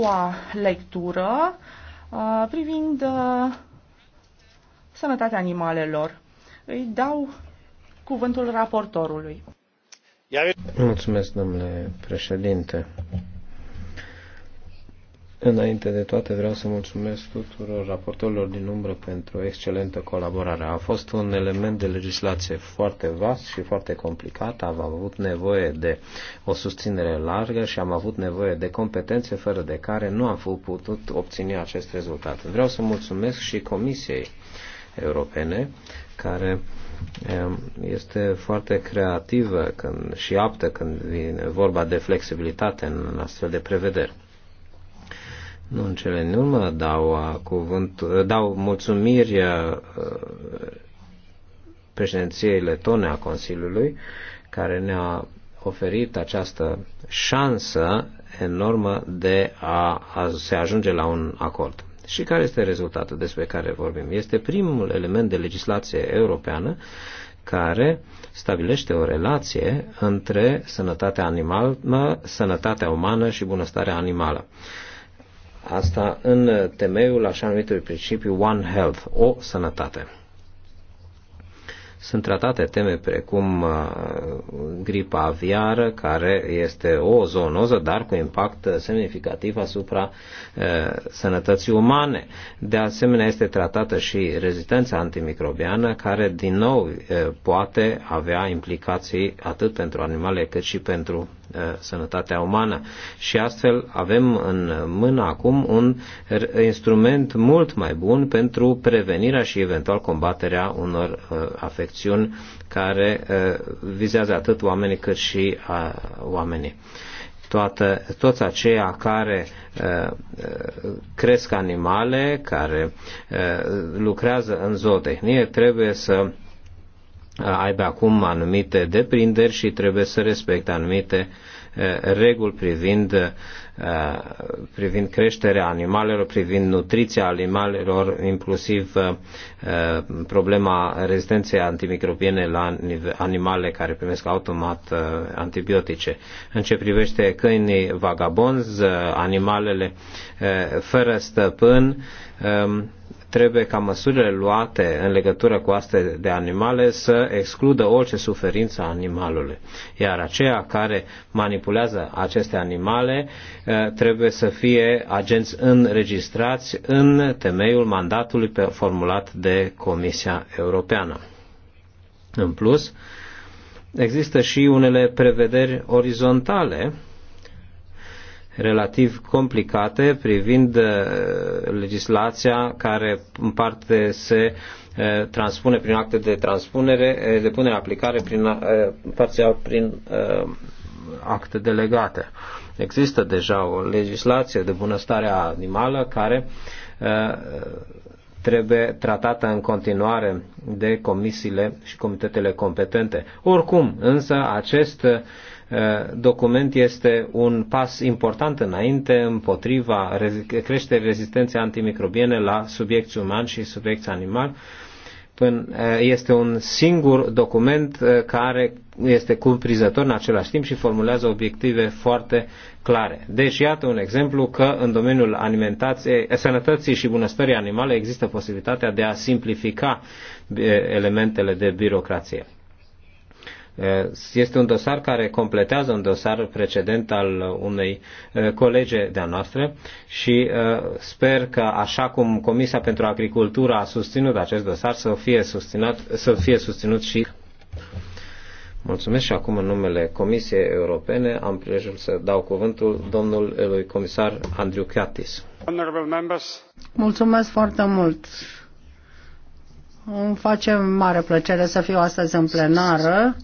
doua lectură uh, privind uh, sănătatea animalelor. Îi dau cuvântul raportorului. Mulțumesc, domnule președinte. Înainte de toate vreau să mulțumesc tuturor raportorilor din umbră pentru o excelentă colaborare. A fost un element de legislație foarte vast și foarte complicat. Am avut nevoie de o susținere largă și am avut nevoie de competențe fără de care nu am putut obține acest rezultat. Vreau să mulțumesc și Comisiei Europene care ehm, este foarte creativă când, și aptă când vine vorba de flexibilitate în astfel de prevederi. Nu în cele din urmă dau, cuvânt, dau mulțumiri uh, președinției letone a Consiliului care ne-a oferit această șansă enormă de a, a se ajunge la un acord. Și care este rezultatul despre care vorbim? Este primul element de legislație europeană care stabilește o relație între sănătatea animală, sănătatea umană și bunăstarea animală. Uh, Asta în temeiul așa numitului principiu One Health, o sănătate sunt tratate teme precum uh, gripa aviară, care este o zoonoză, dar cu impact semnificativ asupra uh, sănătății umane. De asemenea, este tratată și rezistența antimicrobiană, care din nou uh, poate avea implicații atât pentru animale cât și pentru sănătatea umană. Și astfel avem în mână acum un instrument mult mai bun pentru prevenirea și eventual combaterea unor afecțiuni secțiuni care vizează atât oamenii cât și oamenii toată, toți aceia care uh, cresc animale, care uh, lucrează în zootehnie, trebuie să aibă acum anumite deprinderi și trebuie să respecte anumite Eh, reguli privind, eh, privind creșterea animalelor, privind nutriția animalelor, inclusiv eh, problema rezistenței antimicrobiene la animale care primesc automat antibiotice. În ce privește câinii vagabonzi, animalele fără stăpân, Trebuie ca măsurile luate în legătură cu astea de animale să excludă orice suferință a animalului. Iar aceia care manipulează aceste animale eh, trebuie să fie agenți înregistrați în temeiul mandatului formulat de Comisia Europeană. În plus, există și unele prevederi orizontale relativ complicate privind uh, legislația care în parte se uh, transpune prin acte de transpunere, eh, de punere aplicare prin, uh, parțial prin acte delegate. Există deja o legislație de bunăstare animală care trebuie tratată în continuare de comisiile și comitetele competente. Oricum, însă, acest Eh, document este un pas important înainte împotriva creșterii rezistenței antimicrobiene la subiecti uman și subiecti animal. Eh, este un singur document eh, care este cuprizător în același timp și formulează obiective foarte clare. Deci iată un exemplu că în domeniul alimentației, sănătății și bunăstării animale există posibilitatea de a simplifica elementele de birocrație. Este un dosar care completează un dosar precedent al unei colege de-a noastră și sper că așa cum Comisia pentru Agricultură a susținut acest dosar să fie susținut, să fie susținut și Mulțumesc și acum în numele Comisiei Europene am prilejul să dau cuvântul domnului comisar Andriu Chiatis. Mulțumesc foarte mult. Îmi face mare plăcere să fiu astăzi în plenară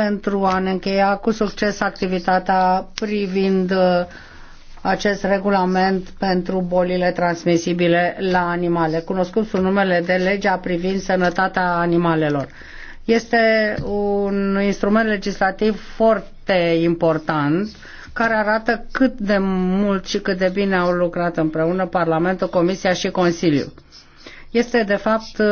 pentru a ne încheia cu succes activitatea privind uh, acest regulament pentru bolile transmisibile la animale, cunoscut sub numele de legea privind sănătatea animalelor. Este un instrument legislativ foarte important care arată cât de mult și cât de bine au lucrat împreună Parlamentul, Comisia și Consiliul este de fapt uh,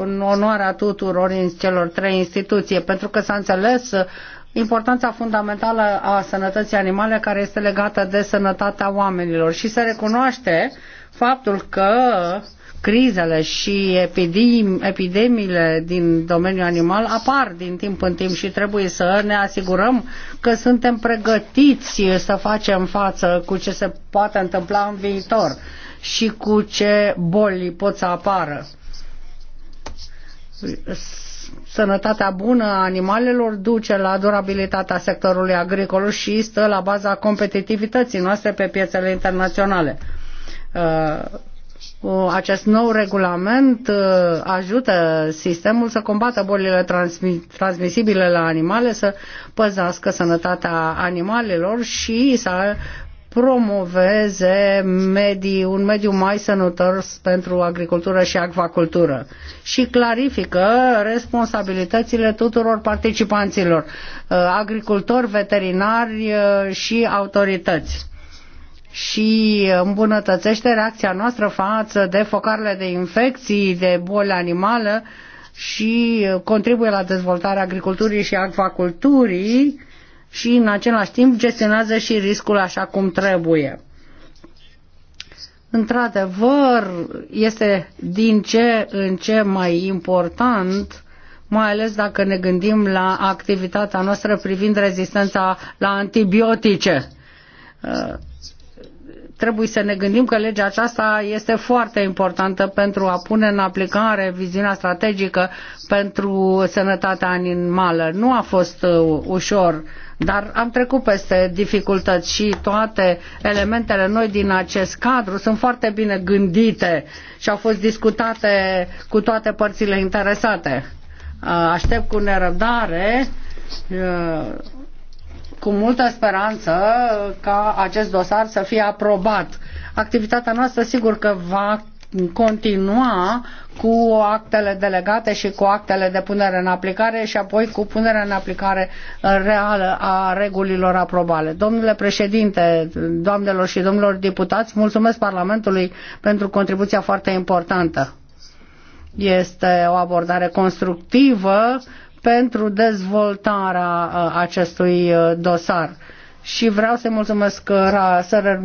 în onoarea tuturor celor trei instituții, pentru că s-a înțeles uh, importanța fundamentală a sănătății animale care este legată de sănătatea oamenilor și se recunoaște faptul că crizele și epidemiile din domeniul animal apar din timp în timp și trebuie să ne asigurăm că suntem pregătiți să facem față cu ce se poate întâmpla în viitor și cu ce boli pot să apară. Sănătatea bună a animalelor duce la durabilitatea sectorului agricol și stă la baza competitivității noastre pe piețele internaționale uh, acest nou regulament uh, ajută sistemul să combată bolile transmisibile la animale, să păzească sănătatea animalelor și să promoveze medii, un mediu mai sănătos pentru agricultură și acvacultură și clarifică responsabilitățile tuturor participanților, uh, agricultori, veterinari uh, și autorități și îmbunătățește reacția noastră față de focarele de infecții, de boli animale și contribuie la dezvoltarea agriculturii și acvaculturii și în același timp gestionează și riscul așa cum trebuie. Într-adevăr, este din ce în ce mai important mai ales dacă ne gândim la activitatea noastră privind rezistența la antibiotice trebuie să ne gândim că legea aceasta este foarte importantă pentru a pune în aplicare viziunea strategică pentru sănătatea animală. Nu a fost uh, ușor, dar am trecut peste dificultăți și toate elementele noi din acest cadru sunt foarte bine gândite și au fost discutate cu toate părțile interesate. Uh, aștept cu nerăbdare uh, cu multă speranță ca acest dosar să fie aprobat. Activitatea noastră sigur că va continua cu actele delegate și cu actele de punere în aplicare și apoi cu punerea în aplicare reală a regulilor aprobale. Domnule președinte, doamnelor și domnilor deputați, mulțumesc Parlamentului pentru contribuția foarte importantă. Este o abordare constructivă pentru dezvoltarea uh, acestui uh, dosar. Și vreau uh, să mulțumesc, să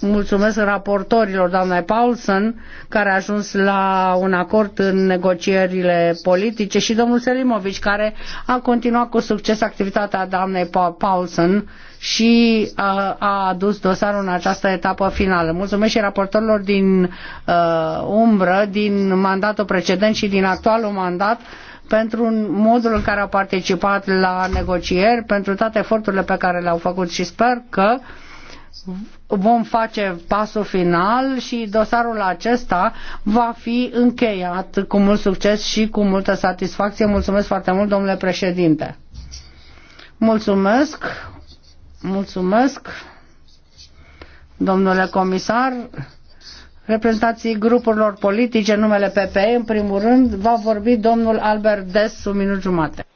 mulțumesc raportorilor, doamna Paulson, care a ajuns la un acord în negocierile politice, și domnul Selimovici, care a continuat cu succes activitatea doamnei Paulson și a, a adus dosarul în această etapă finală. Mulțumesc și raportorilor din uh, umbră, din mandatul precedent și din actualul mandat, pentru modul în care au participat la negocieri, pentru toate eforturile pe care le-au făcut și sper că vom face pasul final și dosarul acesta va fi încheiat cu mult succes și cu multă satisfacție. Mulțumesc foarte mult, domnule președinte. Mulțumesc, mulțumesc, domnule comisar reprezentanții grupurilor politice, numele PPE, în primul rând, va vorbi domnul Albert Des, un minut jumate.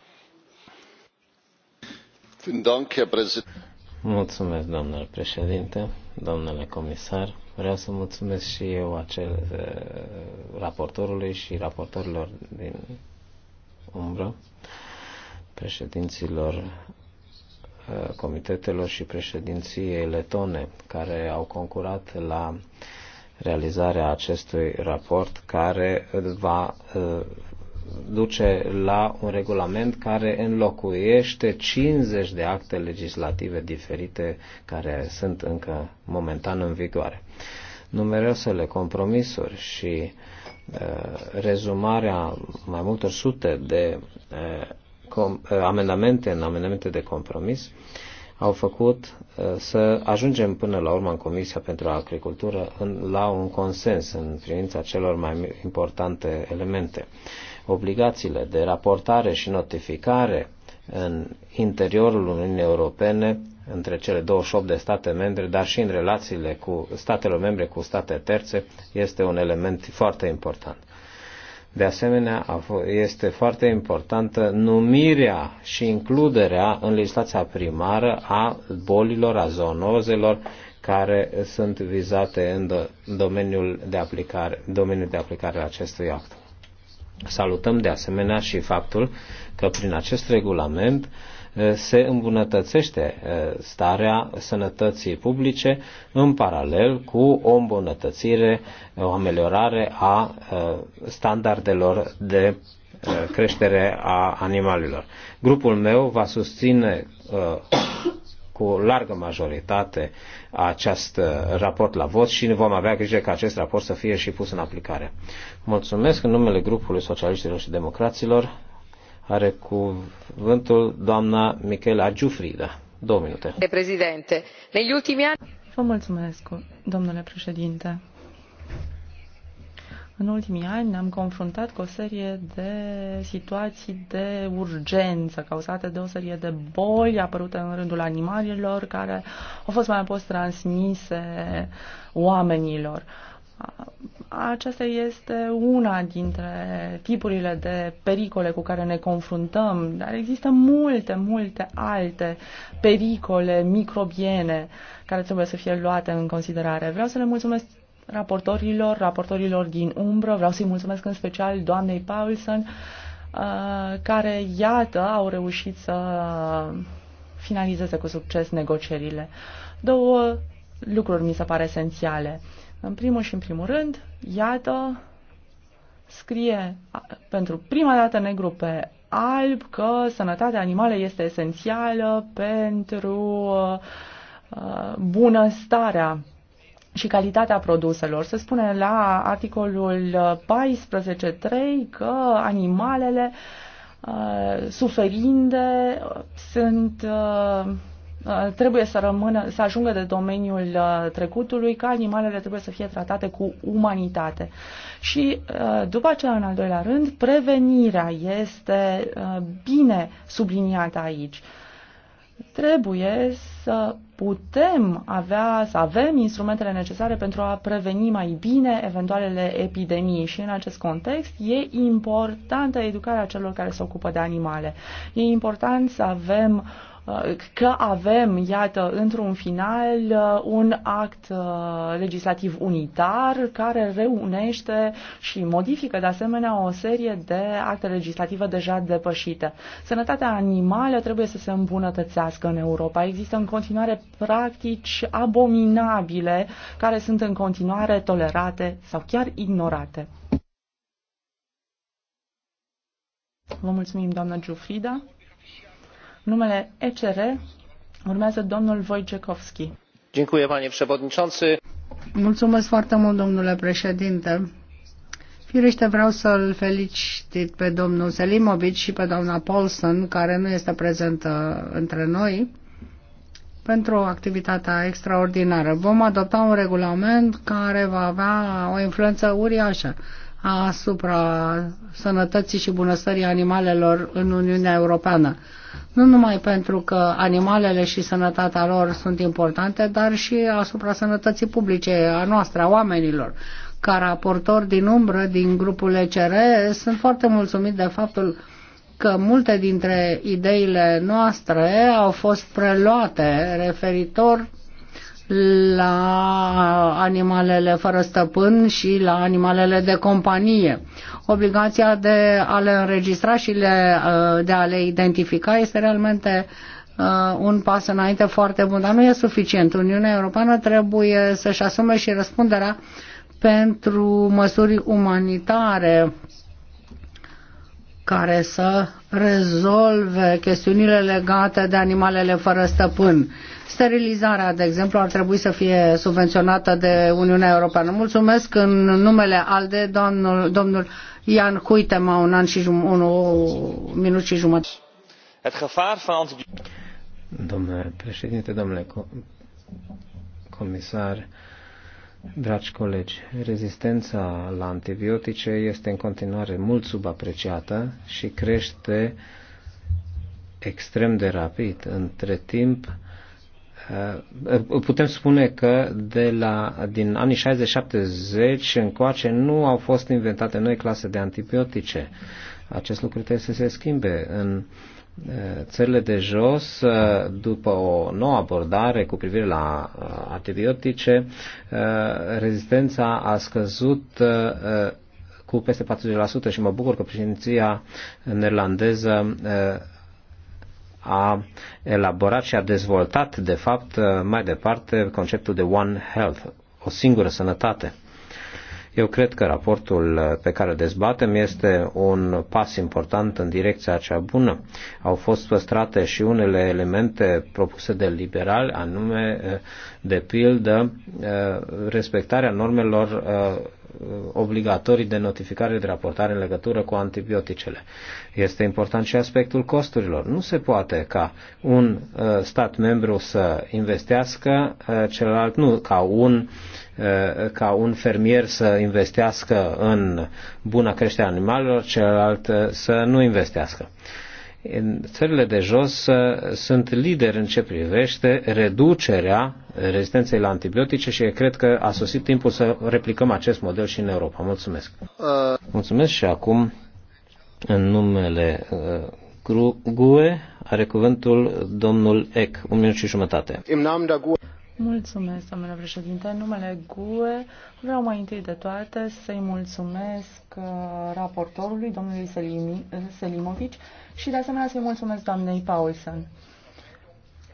Mulțumesc, domnule președinte, domnule comisar. Vreau să mulțumesc și eu acel eh, raportorului și raportorilor din umbră, președinților eh, comitetelor și președinției letone care au concurat la uh, realizarea acestui raport care uh, va uh, duce la un regulament care înlocuiește 50 de acte legislative diferite care sunt încă momentan în vigoare. Numeroasele compromisuri și uh, rezumarea mai multor sute de uh, com, uh, amendamente în amendamente de compromis uh, au făcut uh, să ajungem până la urmă în Comisia pentru Agricultură în, la un consens în privința celor mai importante elemente. Obligațiile de raportare și notificare în interiorul Uniunii Europene între cele 28 de state membre, dar și în relațiile cu statele membre cu state terțe, este un element foarte important. De asemenea, este foarte importantă numirea și includerea în legislația primară a bolilor, a zoonozelor care sunt vizate în domeniul de aplicare, domeniul de aplicare a acestui act. Salutăm de asemenea și faptul că prin acest regulament uh, Eh, se îmbunătățește eh, starea sănătății publice în paralel cu o îmbunătățire, o ameliorare a eh, standardelor de creștere a animalelor. Grupul meu va susține cu largă majoritate acest raport la vot și vom avea grijă ca acest raport să fie și pus în aplicare. Mulțumesc în numele grupului socialiștilor și democraților. Are cuvântul doamna Michela Giufrida. Două minute. Președinte, negli ultimi ani, Vă mulțumesc, domnule președinte. În ultimii ani ne-am confruntat cu o serie de situații de urgență cauzate de o serie de boli apărute în rândul animalelor care au fost mai apoi transmise oamenilor. Uh, aceasta este una dintre tipurile de pericole cu care ne confruntăm, dar există multe, multe alte pericole microbiene care trebuie să fie luate în considerare. Vreau să le mulțumesc raportorilor, raportorilor din umbră, vreau să-i mulțumesc în special doamnei Paulson, uh, care, iată, au reușit să finalizeze cu succes negocierile. Două lucruri mi se pare esențiale. Uh, în primul și în primul rând, iată, scrie pentru prima dată negru pe alb că sănătatea animală este esențială pentru uh, uh, bunăstarea și calitatea produselor. Se spune la articolul 14.3 că animalele uh, suferinde uh, sunt uh, Uh, trebuie să rămână, să ajungă de domeniul uh, trecutului, că animalele trebuie să fie tratate cu umanitate. Și uh, după aceea, în al doilea rând, prevenirea este bine subliniată aici. Trebuie să putem avea, să avem instrumentele necesare pentru a preveni mai bine eventualele epidemii și în acest context e importantă educarea celor care se ocupă de animale. E important să avem uh, Uh, că avem, iată, într-un final uh, un act uh, legislativ unitar care reunește și modifică de asemenea o serie de acte legislative deja depășite. Sănătatea animală trebuie să se îmbunătățească în Europa. Există în continuare practici abominabile care sunt în continuare tolerate sau chiar ignorate. Vă mulțumim, doamnă Giufrida numele ECR urmează domnul Wojciechowski. Dziękuję, panie przewodniczący. Mulțumesc foarte mult, domnule președinte. Firește vreau să-l felicit pe domnul Selimovic și pe doamna Paulson, care nu este prezentă între noi, pentru activitatea extraordinară. Vom adopta un regulament care va avea o influență uriașă asupra sănătății și bunăstării animalelor în Uniunea Europeană. Nu numai pentru că animalele și sănătatea lor sunt importante, dar și asupra sănătății publice a noastră, a oamenilor. Ca raportor din umbră din grupul ECR, sunt foarte mulțumit de faptul că multe dintre ideile noastre au fost preluate referitor la animalele fără stăpân și la animalele de companie. Obligația de a le înregistra și le, uh, de a le identifica este realmente uh, un pas înainte foarte bun, dar nu e suficient. Uniunea Europeană trebuie să-și asume și răspunderea pentru măsuri umanitare care să rezolve chestiunile legate de animalele fără stăpân Sterilizarea, de exemplu, ar trebui să fie subvenționată de Uniunea Europeană. Mulțumesc în numele ALDE, domnul, domnul Ian Cuitema, un an și un, un minut și jumătate. Domnule președinte, domnule comisar, dragi colegi, rezistența la antibiotice este în continuare mult subapreciată și crește extrem de rapid. Între timp, Uh, putem spune că de la, din anii 60-70 încoace nu au fost inventate noi clase de antibiotice. Acest lucru trebuie să se schimbe. În uh, țările de jos, uh, după o nouă abordare cu privire la antibiotice, rezistența a scăzut cu peste 40% și mă bucur că președinția neerlandeză a elaborat și a dezvoltat, de fapt, mai departe conceptul de One Health, o singură sănătate. Eu cred că raportul pe care îl dezbatem este un pas important în direcția cea bună. Au fost păstrate și unele elemente propuse de liberal, anume, de pildă, respectarea normelor obligatorii de notificare de raportare în legătură cu antibioticele. Este important și aspectul costurilor. Nu se poate ca un uh, stat membru să investească, uh, celălalt nu, ca un, uh, ca un fermier să investească în bună creștere animalelor, celălalt să nu investească țările de jos uh, sunt lideri în ce privește reducerea rezistenței la antibiotice și cred că a sosit timpul să replicăm acest model și în Europa. Mulțumesc! Uh. Mulțumesc și acum, în numele uh, GUE, are cuvântul domnul Eck, un minut și jumătate. Mulțumesc, domnule președinte. În numele GUE vreau mai întâi de toate să-i mulțumesc raportorului, domnului Selimovici, și de asemenea să-i mulțumesc doamnei Paulsen.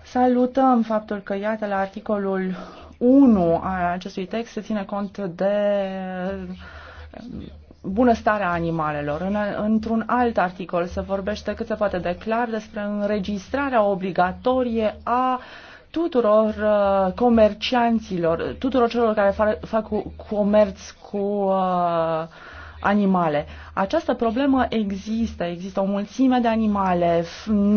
Salutăm faptul că, iată, la articolul 1 a acestui text se ține cont de bunăstarea animalelor. În, într-un alt articol se vorbește cât se poate de clar despre înregistrarea obligatorie a tuturor uh, comercianților, tuturor celor care fac, fac comerț cu uh, animale. Această problemă există. Există o mulțime de animale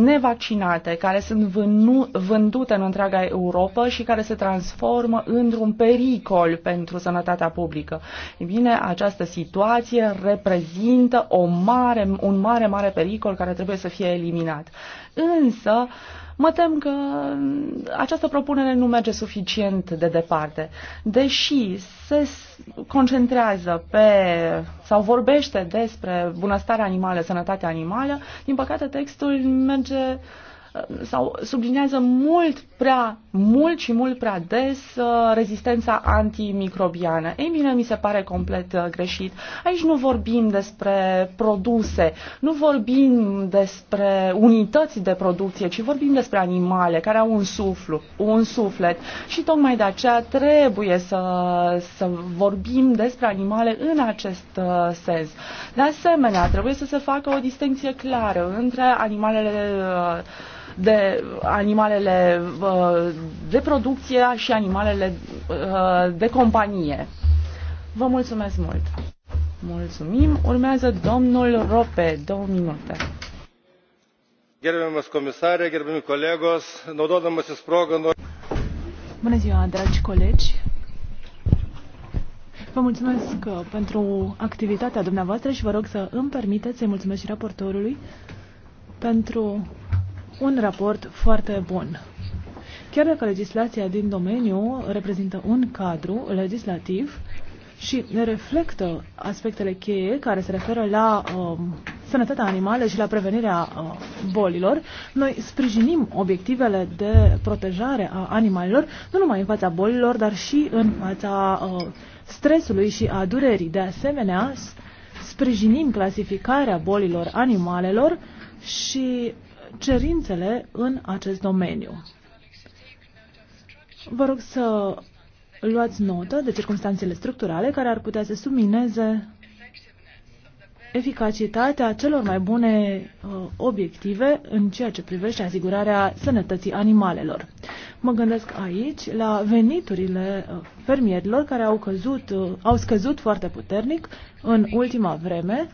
nevaccinate care sunt vânu- vândute în întreaga Europa și care se transformă într-un pericol pentru sănătatea publică. E bine, această situație reprezintă o mare, un mare, mare pericol care trebuie să fie eliminat. Însă, uh, Mă tem că această propunere nu merge suficient de departe. Deși se concentrează pe sau vorbește despre bunăstarea animală, sănătatea animală, din păcate textul merge uh, Uh, sau sublinează mult prea mult și mult prea des uh, rezistența antimicrobiană. Ei bine, mi se pare complet uh, greșit. Aici nu vorbim despre produse, nu vorbim despre unități de producție, ci vorbim despre animale care au un, suflu, un suflet. Și tocmai de aceea trebuie să, să vorbim despre animale în acest sens. De asemenea, trebuie să se facă o distinție clară între animalele de animalele uh, de producție și animalele uh, de companie. Vă mulțumesc mult! Mulțumim! Urmează domnul Rope, două minute. Gerbiamas comisare, gerbiami colegos, naudodamasis progą noriu. Bună ziua, dragi colegi! Vă mulțumesc uh, pentru activitatea dumneavoastră și vă rog să îmi permiteți să-i mulțumesc și raportorului pentru un raport foarte bun. Chiar dacă legislația din domeniu reprezintă un cadru legislativ și reflectă aspectele cheie care se referă la uh, sănătatea animală și la prevenirea uh, bolilor, noi sprijinim obiectivele de protejare a animalelor, nu numai în fața bolilor, dar și în fața uh, stresului și a durerii. De asemenea, sprijinim clasificarea bolilor animalelor și cerințele în acest domeniu. Vă rog să luați notă de circunstanțele structurale care ar putea să submineze eficacitatea celor mai bune uh, obiective în ceea ce privește asigurarea sănătății animalelor. Mă gândesc aici la veniturile uh, fermierilor care au, căzut, uh, au scăzut foarte puternic în ultima vreme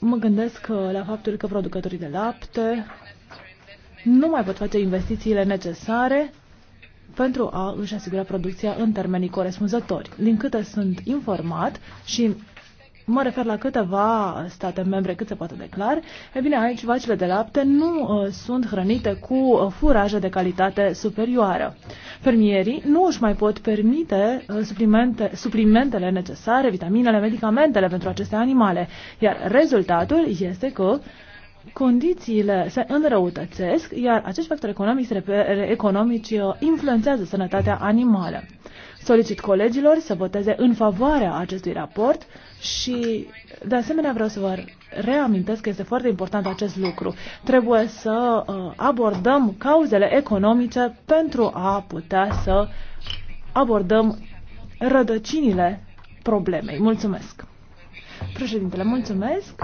Mă gândesc uh, la faptul că producătorii de lapte nu mai pot face investițiile necesare pentru a își asigura producția în termenii corespunzători. Din câte sunt informat și mă refer la câteva state membre cât se poate de clar, e bine, aici vacile de lapte nu uh, sunt hrănite cu uh, furaje de calitate superioară. Fermierii nu își mai pot permite uh, suplimente, suplimentele necesare, vitaminele, medicamentele pentru aceste animale, iar rezultatul este că condițiile se înrăutățesc, iar acești factori economici, economici uh, influențează sănătatea animală. Solicit colegilor să voteze în favoarea acestui raport și, de asemenea, vreau să vă reamintesc că este foarte important acest lucru. Trebuie să uh, abordăm cauzele economice pentru a putea să abordăm rădăcinile problemei. Mulțumesc. Președintele, mulțumesc.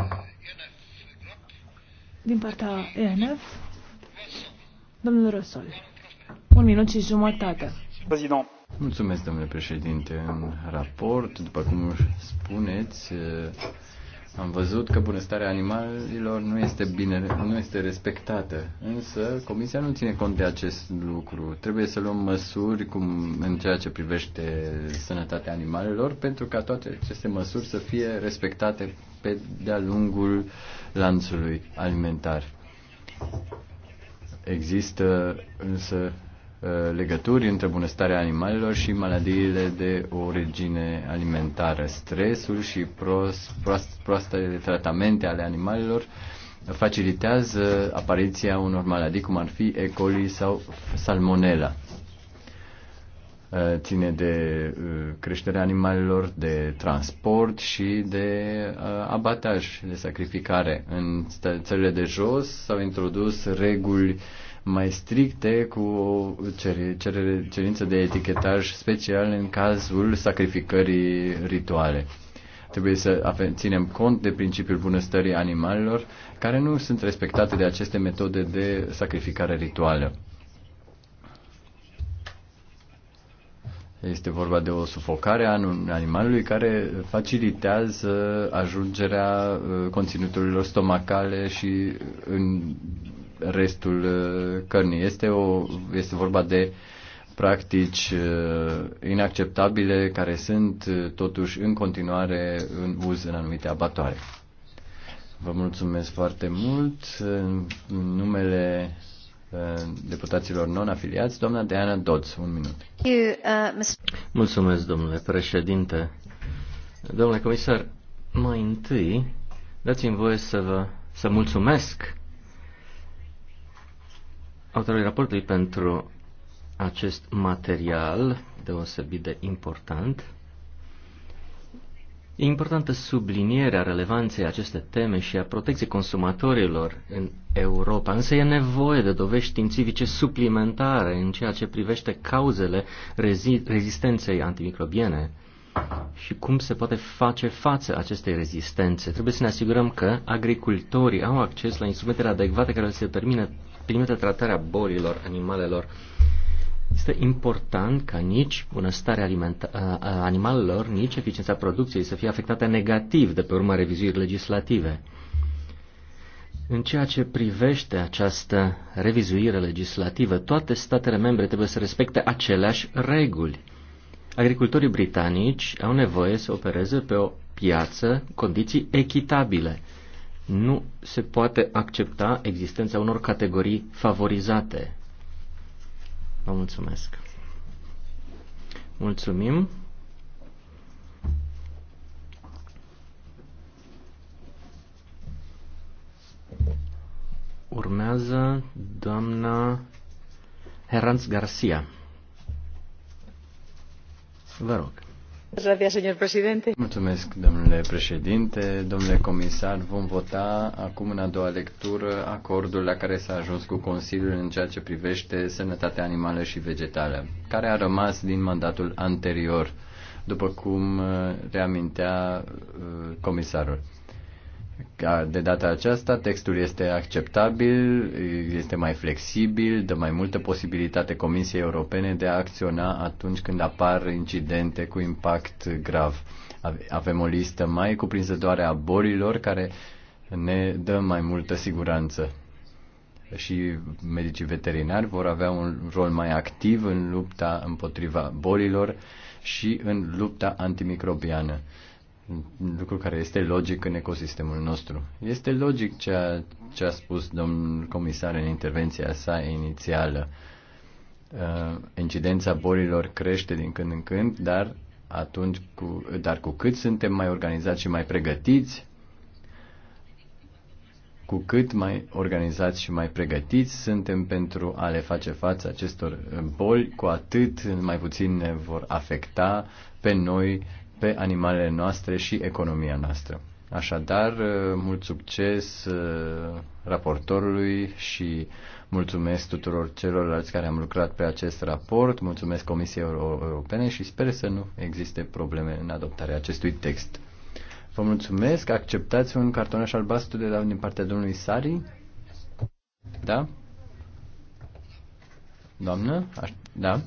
Din partea ENF, domnul Răsol. Un minut și jumătate. President. Mulțumesc, domnule președinte. În raport, după cum spuneți, eh, am văzut că bunăstarea animalelor nu este bine, nu este respectată. Însă Comisia nu ține cont de acest lucru. Trebuie să luăm măsuri cum, în ceea ce privește sănătatea animalelor pentru ca toate aceste măsuri să fie respectate pe de-a lungul lanțului alimentar. Există însă Uh, legături între bunăstarea animalelor și maladiile de origine alimentară. Stresul și prost, proast, tratamente ale animalelor facilitează apariția unor maladii cum ar fi E. coli sau salmonella. Uh, ține de uh, creșterea animalelor, de transport și de abataj, de sacrificare. În țările de jos s-au introdus reguli mai stricte cu cerință de etichetaj special în cazul sacrificării rituale. Trebuie să ținem cont de principiul bunăstării animalelor care nu sunt respectate de aceste metode de sacrificare rituală. Este vorba de o sufocare a animalului care facilitează ajungerea uh, conținuturilor stomacale și în restul uh, cărnii. Este, o, este vorba de practici uh, inacceptabile care sunt uh, totuși în continuare în uz în anumite abatoare. Vă mulțumesc foarte mult. În numele deputaților non-afiliați, doamna Diana Dodds, un minut. Mulțumesc, domnule președinte. Domnule comisar, mai întâi dați-mi voie să vă să mulțumesc autorului raportului pentru acest material deosebit de important. E importantă sublinierea relevanței acestei teme și a protecției consumatorilor în Europa, însă e nevoie de dovești științifice suplimentare în ceea ce privește cauzele rezi- rezistenței antimicrobiene și cum se poate face față acestei rezistențe. Trebuie să ne asigurăm că agricultorii au acces la instrumentele adecvate care să termine primită tratarea bolilor animalelor. Este important ca nici bunăstarea animalelor, nici eficiența producției să fie afectată negativ de pe urma revizuirii legislative. În ceea ce privește această revizuire legislativă, toate statele membre trebuie să respecte aceleași reguli. Agricultorii britanici au nevoie să opereze pe o piață condiții echitabile nu se poate accepta existența unor categorii favorizate. Vă mulțumesc. Mulțumim. Urmează doamna Heranz Garcia. Vă rog. Mulțumesc, domnule președinte, domnule comisar. Vom vota acum în a doua lectură acordul la care s-a ajuns cu Consiliul în ceea ce privește sănătatea animală și vegetală, care a rămas din mandatul anterior, după cum uh, reamintea uh, comisarul de data aceasta textul este acceptabil, este mai flexibil, dă mai multă posibilitate Comisiei Europene de a acționa atunci când apar incidente cu impact grav. Avem o listă mai cuprinzătoare a bolilor care ne dă mai multă siguranță. Și medicii veterinari vor avea un rol mai activ în lupta împotriva bolilor și în lupta antimicrobiană lucru care este logic în ecosistemul nostru. Este logic a, ce a spus domnul comisar în intervenția sa inițială. Uh, incidența bolilor crește din când în când, dar atunci cu, dar cu cât suntem mai organizați și mai pregătiți, cu cât mai organizați și mai pregătiți suntem pentru a le face față acestor boli, cu atât mai puțin ne vor afecta pe noi pe animalele noastre și economia noastră. Așadar, uh, mult succes uh, raportorului și mulțumesc tuturor celorlalți care am lucrat pe acest raport, mulțumesc Comisiei Europene și sper să nu existe probleme în adoptarea acestui text. Vă mulțumesc. Acceptați un cartonaș albastru de la, din partea domnului Sari? Da? Doamnă? Aș, da?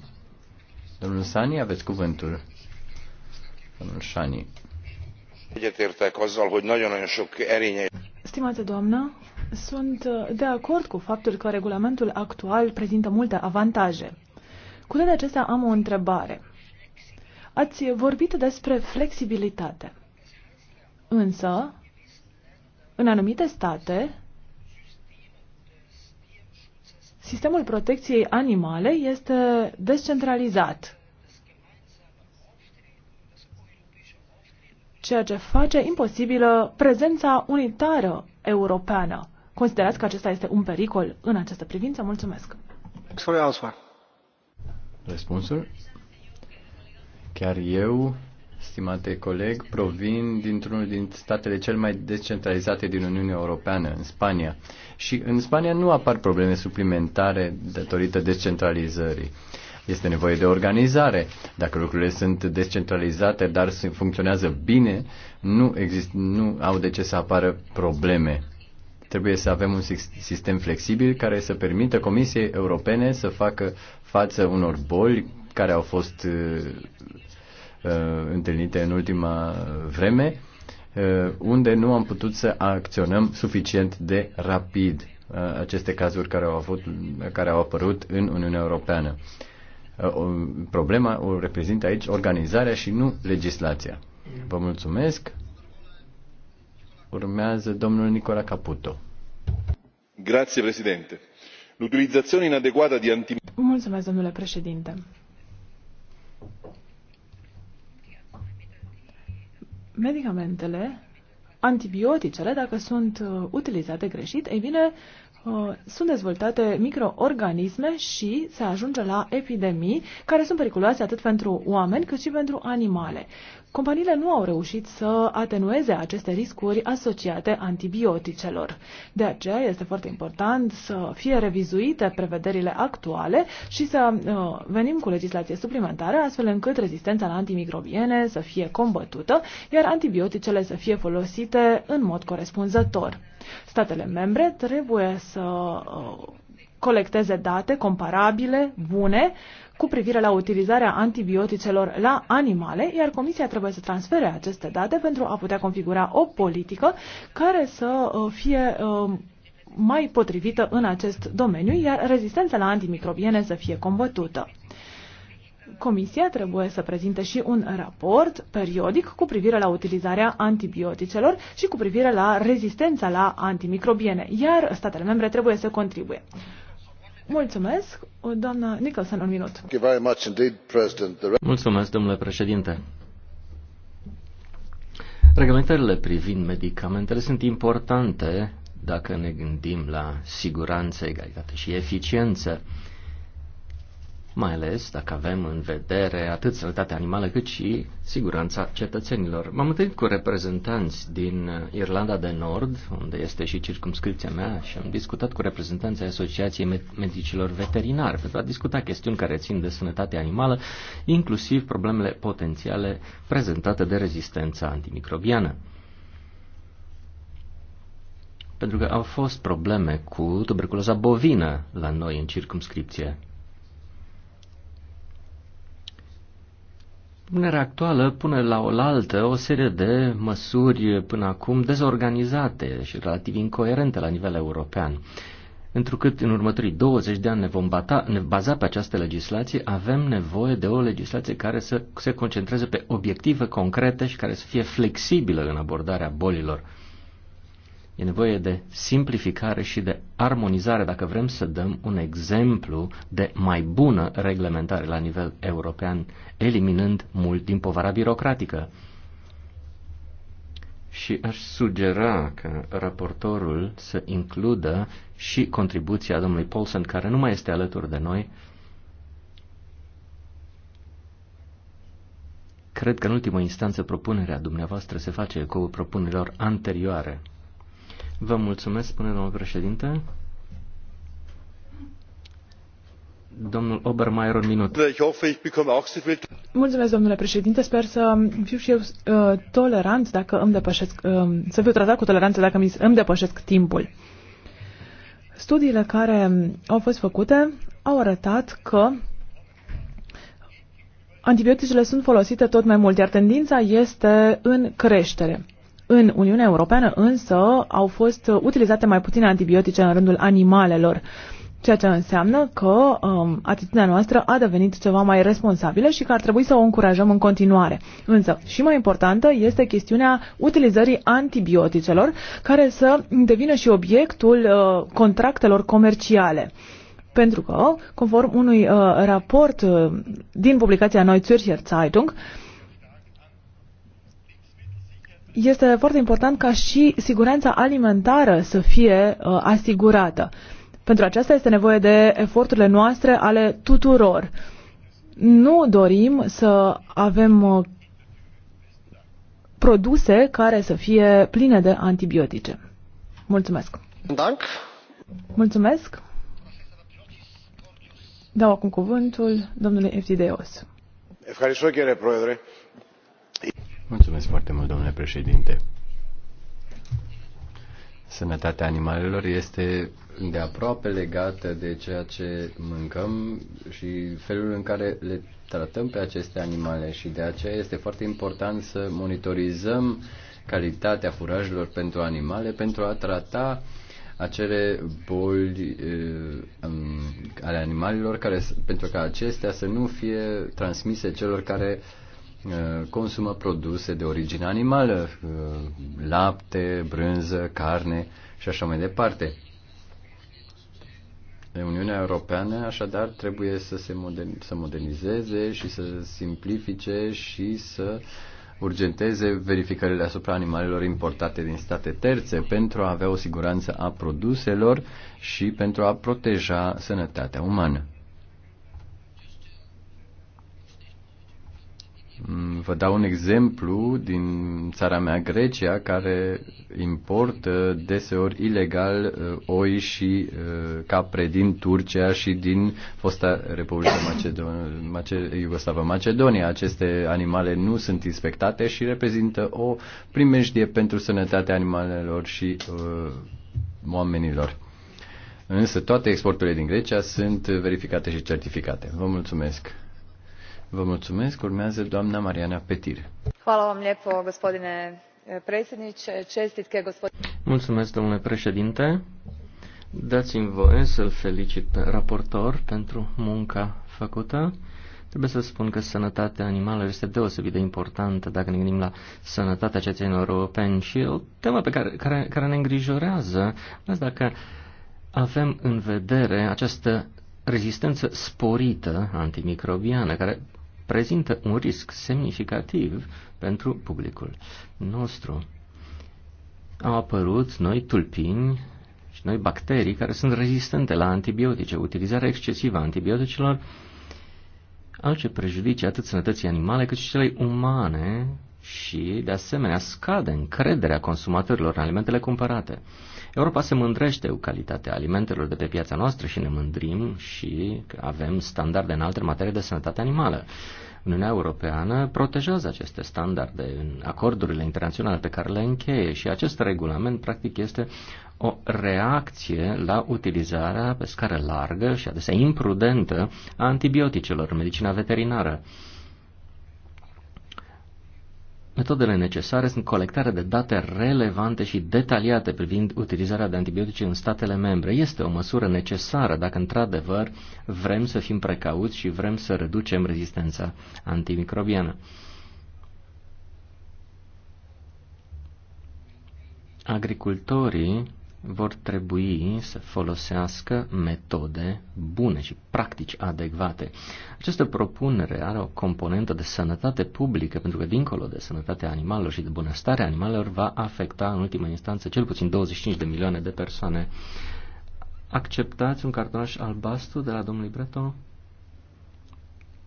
Domnul Sani, aveți cuvântul. Egyetértek azzal, hogy nagyon-nagyon sok erénye... Stimată doamnă, sunt uh, de acord cu faptul că regulamentul actual prezintă multe avantaje. Cu toate acestea am o întrebare. Ați vorbit despre flexibilitate. Însă, în anumite state, sistemul protecției animale este descentralizat. ceea ce face imposibilă prezența unitară europeană. Considerați că acesta este un pericol în această privință? Mulțumesc! Răspunsul? Chiar eu, stimate coleg, provin dintr-unul din statele cel mai descentralizate din Uniunea Europeană, în Spania. Și în Spania nu apar probleme suplimentare datorită descentralizării. Este nevoie de organizare. Dacă lucrurile sunt descentralizate, dar funcționează bine, nu, exist, nu au de ce să apară probleme. Trebuie să avem un sistem flexibil care să permită Comisiei Europene să facă față unor boli care au fost uh, uh, întâlnite în ultima vreme, uh, unde nu am putut să acționăm suficient de rapid uh, aceste cazuri care au, avut, care au apărut în Uniunea Europeană. Uh, Uh, problema o reprezintă aici organizarea și nu legislația. Vă mulțumesc. Urmează domnul Nicola Caputo. Grazie, președinte. L'utilizzazione inadeguata di anti... Mulțumesc, domnule președinte. Medicamentele antibioticele, dacă sunt uh, utilizate greșit, ei bine, Uh, sunt dezvoltate microorganisme și se ajunge la epidemii care sunt periculoase atât pentru oameni cât și pentru animale. Companiile nu au reușit să atenueze aceste riscuri asociate antibioticelor. De aceea este foarte important să fie revizuite prevederile actuale și să uh, venim cu legislație suplimentară, astfel încât rezistența la antimicrobiene să fie combătută, iar antibioticele să fie folosite în mod corespunzător. Statele membre trebuie să uh, colecteze date comparabile, bune, uh, cu privire la utilizarea antibioticelor la animale, iar Comisia trebuie să transfere aceste date pentru a putea configura o politică care să uh, fie uh, mai potrivită în acest domeniu, iar rezistența la antimicrobiene să fie combătută. Comisia trebuie să prezinte și un raport periodic cu privire la utilizarea antibioticelor și cu privire la rezistența la antimicrobiene, iar statele membre trebuie să contribuie. Mulțumesc, Mulțumesc, domnule președinte. Reglementările privind medicamentele sunt importante dacă ne gândim la siguranță, egalitate și eficiență mai ales dacă avem în vedere atât sănătatea animală cât și siguranța cetățenilor. M-am întâlnit cu reprezentanți din Irlanda de Nord, unde este și circumscripția mea, și am discutat cu reprezentanții Asociației Medicilor Veterinari pentru a discuta chestiuni care țin de sănătatea animală, inclusiv problemele potențiale prezentate de rezistența antimicrobiană pentru că au fost probleme cu tuberculoza bovină la noi în circumscripție. Punerea actuală pune la oaltă o serie de măsuri până acum dezorganizate și relativ incoerente la nivel european. Întrucât în următorii 20 de ani ne vom bata, ne baza pe această legislație, avem nevoie de o legislație care să se concentreze pe obiective concrete și care să fie flexibilă în abordarea bolilor E nevoie de simplificare și de armonizare dacă vrem să dăm un exemplu de mai bună reglementare la nivel european, eliminând mult din povara birocratică. Și aș sugera că raportorul să includă și contribuția domnului Paulson, care nu mai este alături de noi. Cred că în ultimă instanță propunerea dumneavoastră se face cu propunerilor anterioare Vă mulțumesc, spune domnul președinte. Domnul Obermeier, un minut. Mulțumesc, domnule președinte. Sper să fiu și eu uh, tolerant dacă îmi depășesc, uh, să fiu tratat cu toleranță dacă îmi depășesc timpul. Studiile care au fost făcute au arătat că antibioticele sunt folosite tot mai mult, iar tendința este în creștere. În Uniunea Europeană însă au fost utilizate mai puține antibiotice în rândul animalelor, ceea ce înseamnă că um, atitudinea noastră a devenit ceva mai responsabilă și că ar trebui să o încurajăm în continuare. Însă, și mai importantă este chestiunea utilizării antibioticelor, care să devină și obiectul uh, contractelor comerciale pentru că, conform unui uh, raport uh, din publicația Neue Zürcher Zeitung, uh, este foarte important ca și siguranța alimentară să fie uh, asigurată. Pentru aceasta este nevoie de eforturile noastre ale tuturor. Nu dorim să avem uh, produse care să fie pline de antibiotice. Mulțumesc! Dank. Mulțumesc! Dau acum cuvântul domnului Eftideos. Mulțumesc, Mulțumesc foarte mult, domnule președinte. Sănătatea animalelor este de aproape legată de ceea ce mâncăm și felul în care le tratăm pe aceste animale și de aceea este foarte important să monitorizăm calitatea furajelor pentru animale pentru a trata acele boli uh, ale animalelor care, pentru ca acestea să nu fie transmise celor care uh, Uh, consumă produse de origine animală, uh, lapte, brânză, carne și așa mai departe. Uniunea Europeană așadar trebuie să se modern, să modernizeze și să simplifice și să urgenteze verificările asupra animalelor importate din state terțe pentru a avea o siguranță a produselor și pentru a proteja sănătatea umană. Mm, vă dau un exemplu din țara mea, Grecia, care importă deseori ilegal uh, oi și uh, capre din Turcia și din fosta Republica Macedon- Mace- Iugoslavă Macedonia. Aceste animale nu sunt inspectate și reprezintă o primejdie pentru sănătatea animalelor și uh, oamenilor. Însă toate exporturile din Grecia sunt verificate și certificate. Vă mulțumesc! Vă mulțumesc. Urmează doamna Mariana Petir. Eh, mulțumesc, domnule președinte. Dați-mi voie să-l felicit pe raportor pentru munca făcută. Trebuie să spun că sănătatea animalelor este deosebit de importantă dacă ne gândim la sănătatea cetățenilor europeni și o temă pe care, care, care ne îngrijorează. Asta dacă avem în vedere această rezistență sporită antimicrobiană, care prezintă un risc semnificativ pentru publicul nostru. Au apărut noi tulpini și noi bacterii care sunt rezistente la antibiotice. Utilizarea excesivă a antibioticelor aduce prejudicii atât sănătății animale cât și celei umane și, de asemenea, scade încrederea consumatorilor în alimentele cumpărate. Europa se mândrește cu calitatea alimentelor de pe piața noastră și ne mândrim și că avem standarde înalte în materie de sănătate animală. Uniunea Europeană protejează aceste standarde în acordurile internaționale pe care le încheie și acest regulament practic este o reacție la utilizarea pe scară largă și adesea imprudentă a antibioticelor în medicina veterinară. Metodele necesare sunt colectarea de date relevante și detaliate privind utilizarea de antibiotice în statele membre. Este o măsură necesară dacă într-adevăr vrem să fim precauți și vrem să reducem rezistența antimicrobiană. Agricultorii vor trebui să folosească metode bune și practici adecvate. Această propunere are o componentă de sănătate publică, pentru că dincolo de sănătatea animalelor și de bunăstarea animalelor va afecta în ultima instanță cel puțin 25 de milioane de persoane. Acceptați un cartonaș albastru de la domnul Breton?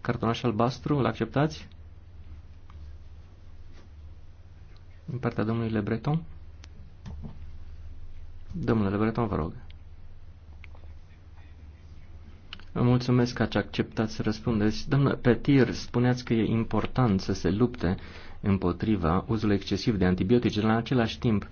Cartonaș albastru, îl acceptați? În partea domnului Lebreton? Breton? Domnule Breton, vă rog. Vă mulțumesc că ați acceptat să răspundeți. Domnule Petir, spuneați că e important să se lupte împotriva uzului excesiv de antibiotice, la același timp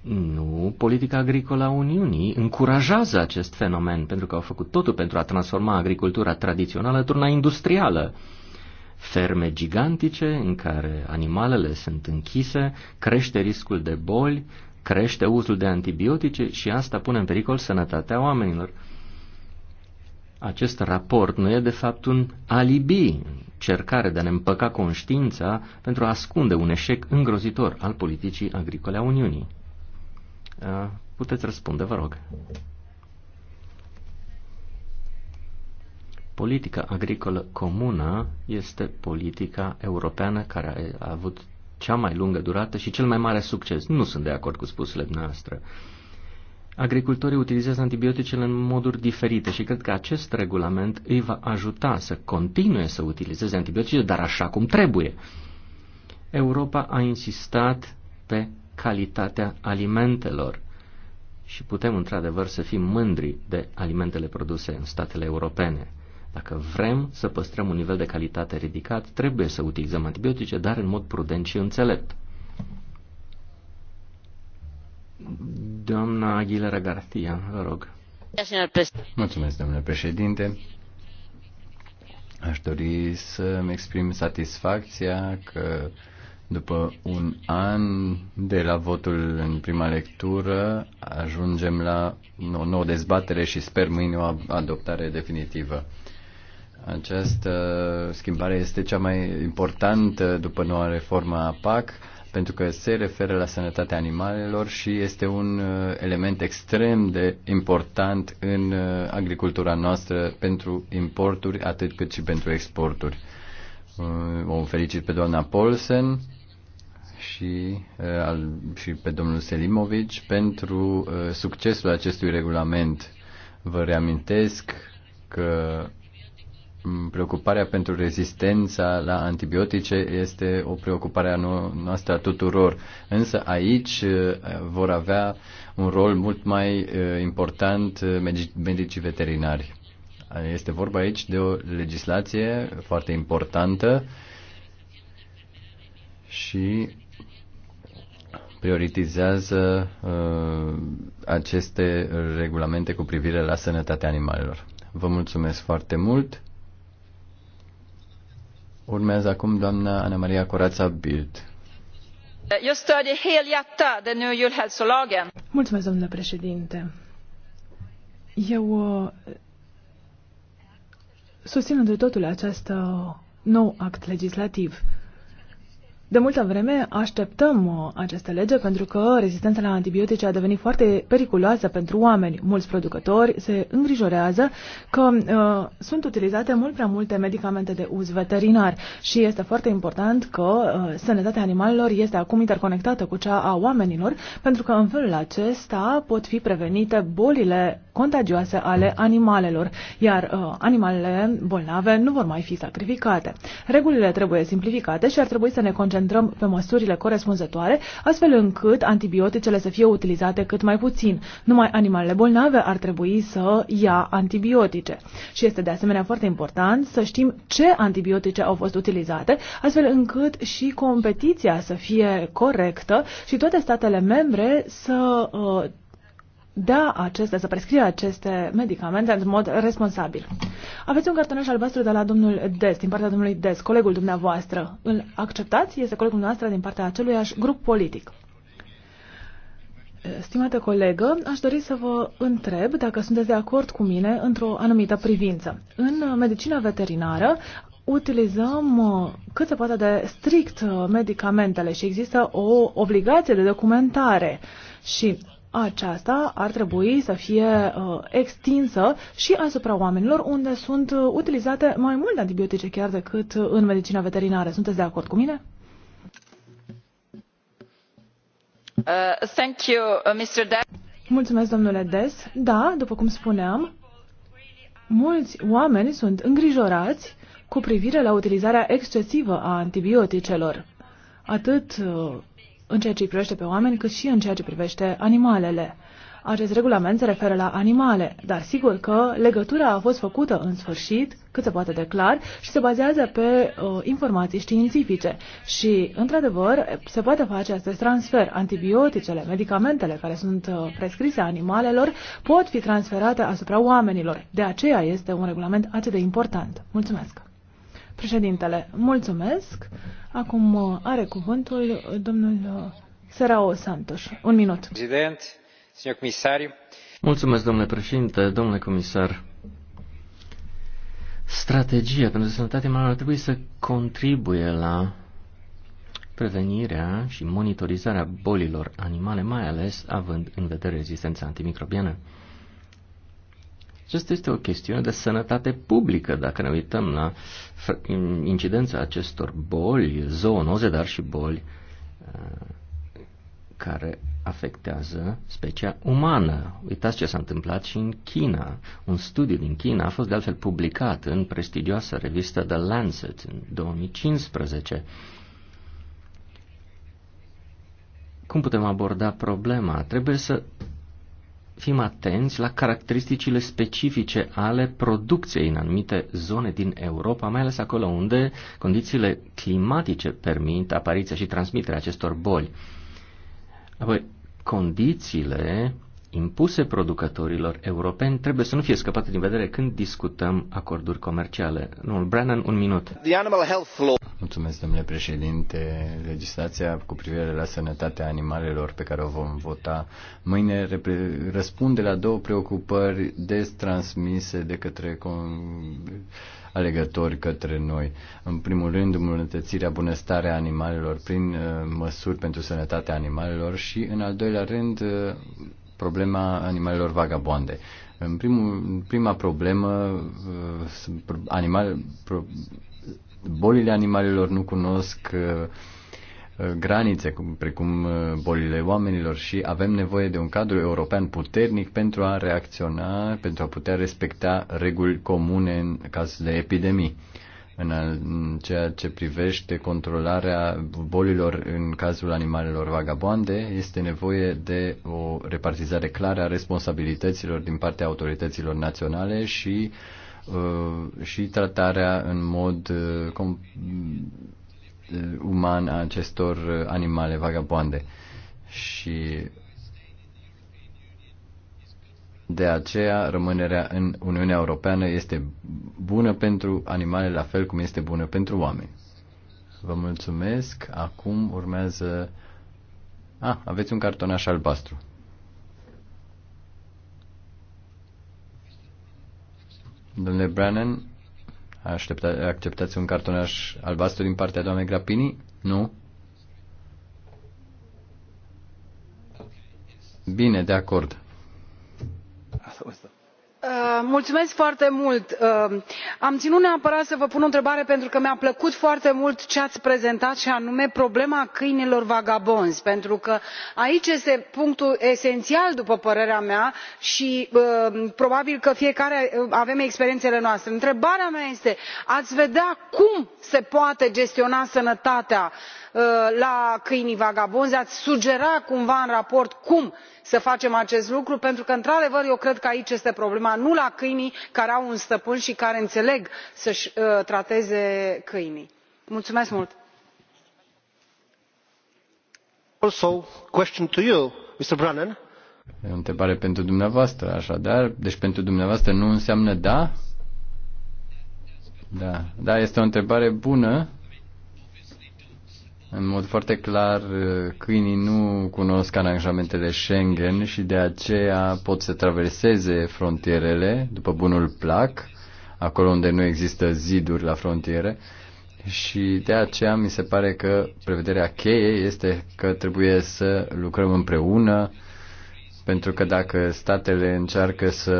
nu, politica agricolă a Uniunii încurajează acest fenomen, pentru că au făcut totul pentru a transforma agricultura tradițională într-una industrială. Ferme gigantice în care animalele sunt închise, crește riscul de boli, crește uzul de antibiotice și asta pune în pericol sănătatea oamenilor. Acest raport nu e de fapt un alibi, cercare de a ne împăca conștiința pentru a ascunde un eșec îngrozitor al politicii agricole a Uniunii. Puteți răspunde, vă rog. Politica agricolă comună este politica europeană care a avut cea mai lungă durată și cel mai mare succes. Nu sunt de acord cu spusele noastre. Agricultorii utilizează antibioticele în moduri diferite și cred că acest regulament îi va ajuta să continue să utilizeze antibiotice, dar așa cum trebuie. Europa a insistat pe calitatea alimentelor și putem într-adevăr să fim mândri de alimentele produse în statele europene. Dacă vrem să păstrăm un nivel de calitate ridicat, trebuie să utilizăm antibiotice, dar în mod prudent și înțelept. Doamna Aguilera Garcia, vă rog. Mulțumesc, domnule președinte. Aș dori să-mi exprim satisfacția că după un an de la votul în prima lectură ajungem la o nouă dezbatere și sper mâine o adoptare definitivă. Această schimbare este cea mai importantă după noua reformă a PAC pentru că se referă la sănătatea animalelor și este un uh, element extrem de important în uh, agricultura noastră pentru importuri, atât cât și pentru exporturi. Uh, o felicit pe doamna Polsen și, și pe domnul Selimovic pentru succesul acestui regulament. Vă reamintesc că Mm, preocuparea pentru rezistența la antibiotice este o preocupare a noastră a tuturor. Însă aici uh, vor avea un rol mult mai uh, important uh, medicii veterinari. Este vorba aici de o legislație foarte importantă și prioritizează uh, aceste regulamente cu privire la sănătatea animalelor. Vă mulțumesc foarte mult. Urmează acum doamna Ana Maria Corața Bild. Eu de helhjärtat de nya djurhälsolagen. Mulțumesc, domnule președinte. Eu uh, susțin întru totul acest nou act legislativ. De multă vreme așteptăm uh, aceste lege pentru că rezistența la antibiotice a devenit foarte periculoasă pentru oameni. Mulți producători se îngrijorează că uh, sunt utilizate mult prea multe medicamente de uz veterinar și este foarte important că uh, sănătatea animalelor este acum interconectată cu cea a oamenilor pentru că în felul acesta pot fi prevenite bolile contagioase ale animalelor, iar uh, animalele bolnave nu vor mai fi sacrificate. Regulile trebuie simplificate și ar trebui să ne concentrăm pe măsurile corespunzătoare, astfel încât antibioticele să fie utilizate cât mai puțin. Numai animalele bolnave ar trebui să ia antibiotice. Și este de asemenea foarte important să știm ce antibiotice au fost utilizate, astfel încât și competiția să fie corectă și toate statele membre să uh, da aceste, să prescrie aceste medicamente în mod responsabil. Aveți un cartonaș albastru de la domnul Des, din partea domnului Des, colegul dumneavoastră. Îl acceptați? Este colegul dumneavoastră din partea aceluiași grup politic. Stimată colegă, aș dori să vă întreb dacă sunteți de acord cu mine într-o anumită privință. În medicina veterinară utilizăm uh, cât se poate de strict uh, medicamentele și există o obligație de documentare și aceasta ar trebui să fie uh, extinsă și asupra oamenilor unde sunt uh, utilizate mai multe antibiotice chiar decât uh, în medicina veterinară. Sunteți de acord cu mine? Uh, thank you, uh, Mr. Mulțumesc, domnule Des. Da, după cum spuneam, mulți oameni sunt îngrijorați cu privire la utilizarea excesivă a antibioticelor, atât în ceea ce îi privește pe oameni, cât și în ceea ce privește animalele. Acest regulament se referă la animale, dar sigur că legătura a fost făcută în sfârșit, cât se poate de clar, și se bazează pe uh, informații științifice. Și, într-adevăr, se poate face acest transfer. Antibioticele, medicamentele care sunt uh, prescrise animalelor pot fi transferate asupra oamenilor. De aceea este un regulament atât de important. Mulțumesc! Președintele, mulțumesc. Acum uh, are cuvântul domnul uh, Serao Santos. Un minut. Prezident, domnul comisar. Mulțumesc, domnule președinte, domnule comisar. Strategia pentru sănătate ar trebuie să contribuie la prevenirea și monitorizarea bolilor animale, mai ales având în vedere rezistența antimicrobiană. Aceasta este o chestiune de sănătate publică, dacă ne uităm la incidența acestor boli, zoonoze, dar și boli uh, care afectează specia umană. Uitați ce s-a întâmplat și în China. Un studiu din China a fost de altfel publicat în prestigioasa revistă The Lancet în 2015. Cum putem aborda problema? Trebuie să fim atenți la caracteristicile specifice ale producției în anumite zone din Europa, mai ales acolo unde condițiile climatice permit apariția și transmiterea acestor boli. Apoi, condițiile impuse producătorilor europeni trebuie să nu fie scăpate din vedere când discutăm acorduri comerciale. Nu, Brennan, un minut. Mulțumesc, domnule președinte. Legislația cu privire la sănătatea animalelor pe care o vom vota mâine răspunde la două preocupări des transmise de către alegători către noi. În primul rând, îmbunătățirea bunăstarea animalelor prin uh, măsuri pentru sănătatea animalelor și, în al doilea rând, uh, problema animalelor vagabonde. În, primul, prima problemă, uh, animal, pro, bolile animalelor nu cunosc uh, uh, granițe, precum bolile oamenilor și avem nevoie de un cadru european puternic pentru a reacționa, pentru a putea respecta reguli comune în caz de epidemii în ceea ce privește controlarea bolilor în cazul animalelor vagabonde, este nevoie de o repartizare clară a responsabilităților din partea autorităților naționale și, uh, și tratarea în mod uh, uh, uman a acestor animale vagabonde. Și de aceea, rămânerea în Uniunea Europeană este bună pentru animale, la fel cum este bună pentru oameni. Vă mulțumesc. Acum urmează... Ah, aveți un cartonaș albastru. Domnule Brannan, aștepta, acceptați un cartonaș albastru din partea doamnei Grapini? Nu? Bine, de acord. Uh, mulțumesc foarte mult uh, am ținut neapărat să vă pun o întrebare pentru că mi a plăcut foarte mult ce ați prezentat și anume problema câinilor vagabonzi pentru că aici este punctul esențial după părerea mea și uh, probabil că fiecare avem experiențele noastre. întrebarea mea este ați vedea cum se poate gestiona sănătatea vagabonzi? Uh, la câinii vagabonzi ați sugera cumva în raport cum să facem acest lucru pentru că într adevăr eu cred că aici este problema nu la câinii care au un stăpân și care înțeleg să și uh, trateze câinii. mulțumesc mult. E o întrebare pentru dumneavoastră, așadar. Deci pentru dumneavoastră nu înseamnă da? Da. Da, este o întrebare bună în mod foarte clar, câinii nu cunosc aranjamentele Schengen și de aceea pot să traverseze frontierele după bunul plac, acolo unde nu există ziduri la frontiere. Și de aceea mi se pare că prevederea cheie este că trebuie să lucrăm împreună, pentru că dacă statele încearcă să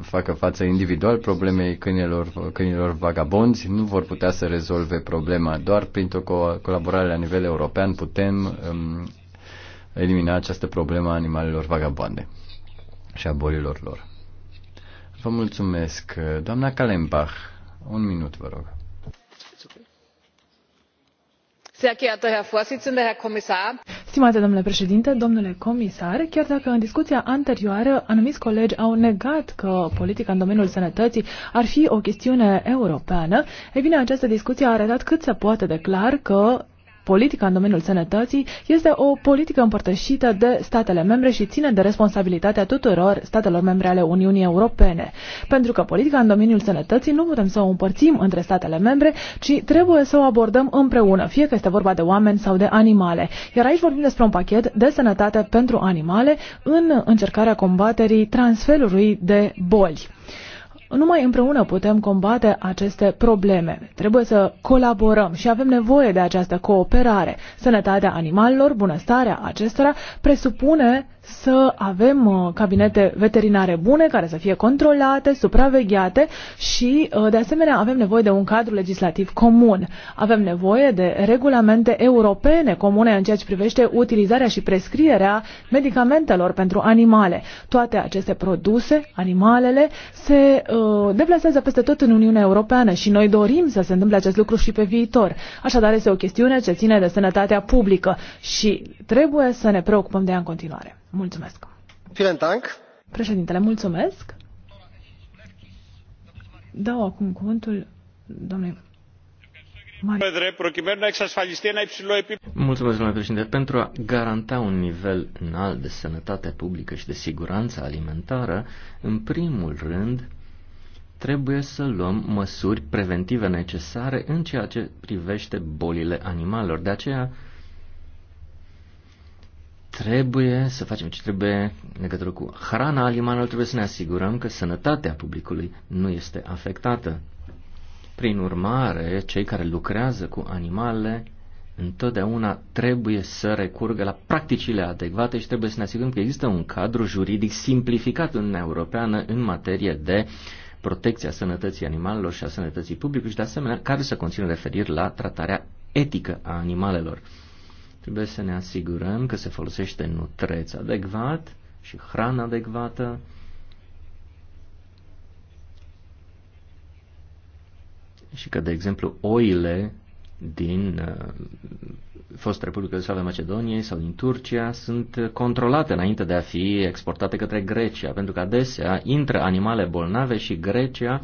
facă față individual problemei câinilor, câinilor vagabonzi, nu vor putea să rezolve problema. Doar printr-o colaborare la nivel european putem um, elimina această problemă a animalelor vagabonde și a bolilor lor. Vă mulțumesc. Doamna Kalembach, un minut, vă rog. Stimate domnule președinte, domnule comisar, chiar dacă în discuția anterioară anumiți colegi au negat că politica în domeniul sănătății ar fi o chestiune europeană, Ei bine, această discuție a arătat cât se poate de clar că politica în domeniul sănătății este o politică împărtășită de statele membre și ține de responsabilitatea tuturor statelor membre ale Uniunii Europene. Pentru că politica în domeniul sănătății nu putem să o împărțim între statele membre, ci trebuie să o abordăm împreună, fie că este vorba de oameni sau de animale. Iar aici vorbim despre un pachet de sănătate pentru animale în încercarea combaterii transferului de boli. Numai împreună putem combate aceste probleme. Trebuie să colaborăm și avem nevoie de această cooperare. Sănătatea animalelor, bunăstarea acestora presupune să avem uh, cabinete veterinare bune care să fie controlate, supravegheate și, uh, de asemenea, avem nevoie de un cadru legislativ comun. Avem nevoie de regulamente europene comune în ceea ce privește utilizarea și prescrierea medicamentelor pentru animale. Toate aceste produse, animalele, se uh, deplasează peste tot în Uniunea Europeană și noi dorim să se întâmple acest lucru și pe viitor. Așadar, este o chestiune ce ține de sănătatea publică și trebuie să ne preocupăm de ea în continuare. Mulțumesc. Președintele, mulțumesc. Dau acum cuvântul domnului Mulțumesc, domnule președinte. Pentru a garanta un nivel înalt de sănătate publică și de siguranță alimentară, în primul rând, trebuie să luăm măsuri preventive necesare în ceea ce privește bolile animalelor. De aceea, Trebuie să facem ce trebuie în legătură cu hrana animalelor, trebuie să ne asigurăm că sănătatea publicului nu este afectată. Prin urmare, cei care lucrează cu animalele întotdeauna trebuie să recurgă la practicile adecvate și trebuie să ne asigurăm că există un cadru juridic simplificat în Uniunea Europeană în materie de protecția sănătății animalelor și a sănătății publicului și de asemenea care să conțină referiri la tratarea etică a animalelor. Trebuie să ne asigurăm că se folosește nutreț adecvat și hrană adecvată. Și că, de exemplu, oile din uh, fost Republica de Iugoslavă Macedoniei sau din Turcia sunt controlate înainte de a fi exportate către Grecia, pentru că adesea intră animale bolnave și Grecia